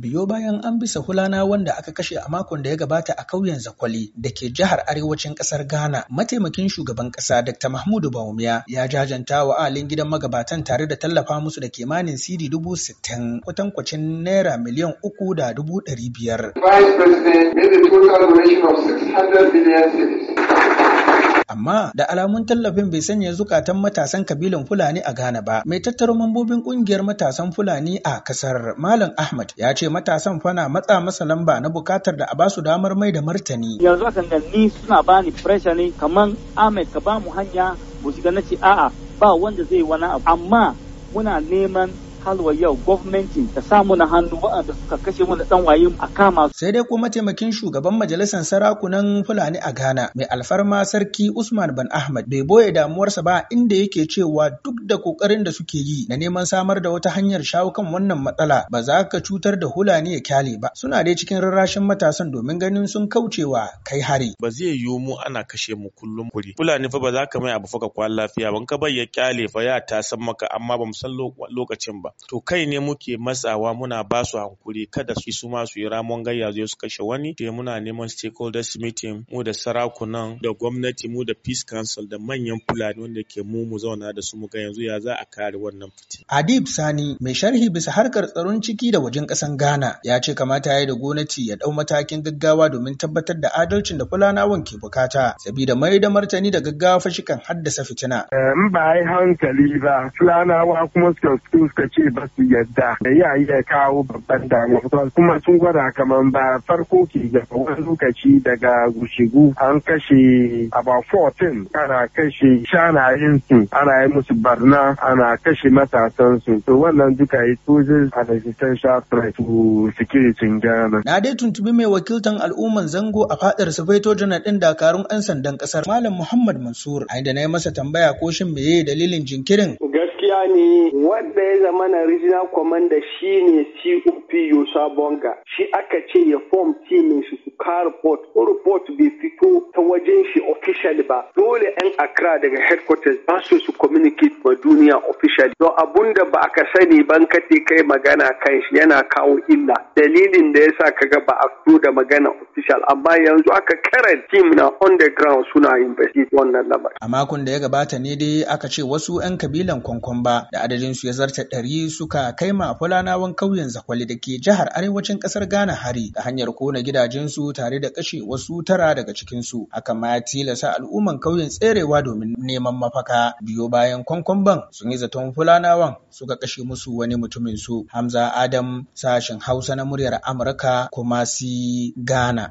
biyo bayan an bisa hulana wanda aka kashe a makon da ya gabata a ƙauyen zakwali da ke jihar arewacin ƙasar ghana mataimakin shugaban ƙasa dr mahmudu Baumia, ya jajanta wa alin gidan magabatan tare da tallafa musu da kimanin cd dubu sittin kwatankwacin naira miliyan uku da dubu ɗari biyar. Vice President made a total donation of 600 million amma da alamun tallafin bai sanya zukatan matasan kabilan Fulani a Ghana ba. Mai tattaro mambobin kungiyar matasan Fulani a kasar Malam Ahmad ya ce matasan fana matsa masa lamba na bukatar da a ba su damar mai da martani. Yanzu a nan ni suna bani pressure ne kaman Ahmed ka ba mu hanya mu shiga na ce a'a ba wanda zai wani abu amma muna neman halwa yau gwamnatin ta samu na hannu waɗanda suka kashe mana dan waye a kama. Sai dai kuma mataimakin shugaban majalisar sarakunan Fulani a Ghana mai alfarma sarki Usman Ban Ahmad bai boye damuwarsa ba inda yake cewa duk da kokarin da suke yi na neman samar da wata hanyar shawo kan wannan matsala ba za ka cutar da Hulani ya kyale ba. Suna dai cikin rarrashin matasan domin ganin sun kaucewa kai hari. Ba zai yiwu mu ana kashe mu kullum kuri. Fulani fa ba za ka mai abu faka kwan lafiya ban ka bai ya kyale fa ya ta san maka amma ba mu san lokacin ba. ba to kai ne muke matsawa muna ba su hankuri kada su su ma su yi ramon gayya zai su kashe wani da muna neman stakeholders meeting mu da sarakunan da gwamnati mu da peace council da manyan fulani wanda ke mu mu zauna da su mu ga yanzu ya za a kare wannan fitin. adib sani mai sharhi bisa harkar tsaron ciki da wajen kasan ghana ya ce kamata ya yi da gwamnati ya dau matakin gaggawa domin tabbatar da adalcin da fulanawan ke bukata sabida mai da martani da gaggawa fashikan haddasa fitina eh, in ba hankali ba fulanawa kuma suka suka ci ce ba su yadda ya iya kawo babban damuwa kuma sun gwada kamar ba farko ke gaba wani lokaci daga gushigu an kashe aba 14 ana kashe shanayen su ana yi musu barna ana kashe matasan su to wannan duka yi a a existential threat to security in Na dai tuntubi mai wakiltan al'umman zango a fadar sufaito Janar ɗin Dakarun 'yan sandan ƙasar Malam Muhammad Mansur, a inda na yi masa tambaya ko shin meye dalilin jinkirin. gaskiya ne wanda ya zama na regional commander shine COP Yusa Bonga shi aka ce ya form team shi ha report ko report bai fito ta wajen shi officially ba dole yan accra daga headquarters ba su su communicate ma duniya officially don abun da ba aka sani ban kace kai magana kan shi yana kawo illa dalilin da yasa kaga ba a fito da magana official amma yanzu aka kare team na underground suna investigate wannan lamarin. a makon da ya gabata ne dai aka ce wasu yan kabilan kwankwan ba da adadin su ya zarta ɗari suka kai ma fulanawan kauyen zakwali da ke jihar arewacin ƙasar ghana hari da hanyar kona gidajensu tare da kashe wasu tara daga cikinsu haka ma ya tilasa al'umman ƙauyen tserewa domin neman mafaka biyo bayan kwankwamban sun yi zaton fulanawan suka kashe musu wani mutumin su hamza adam sashen hausa na muryar amurka kuma si ghana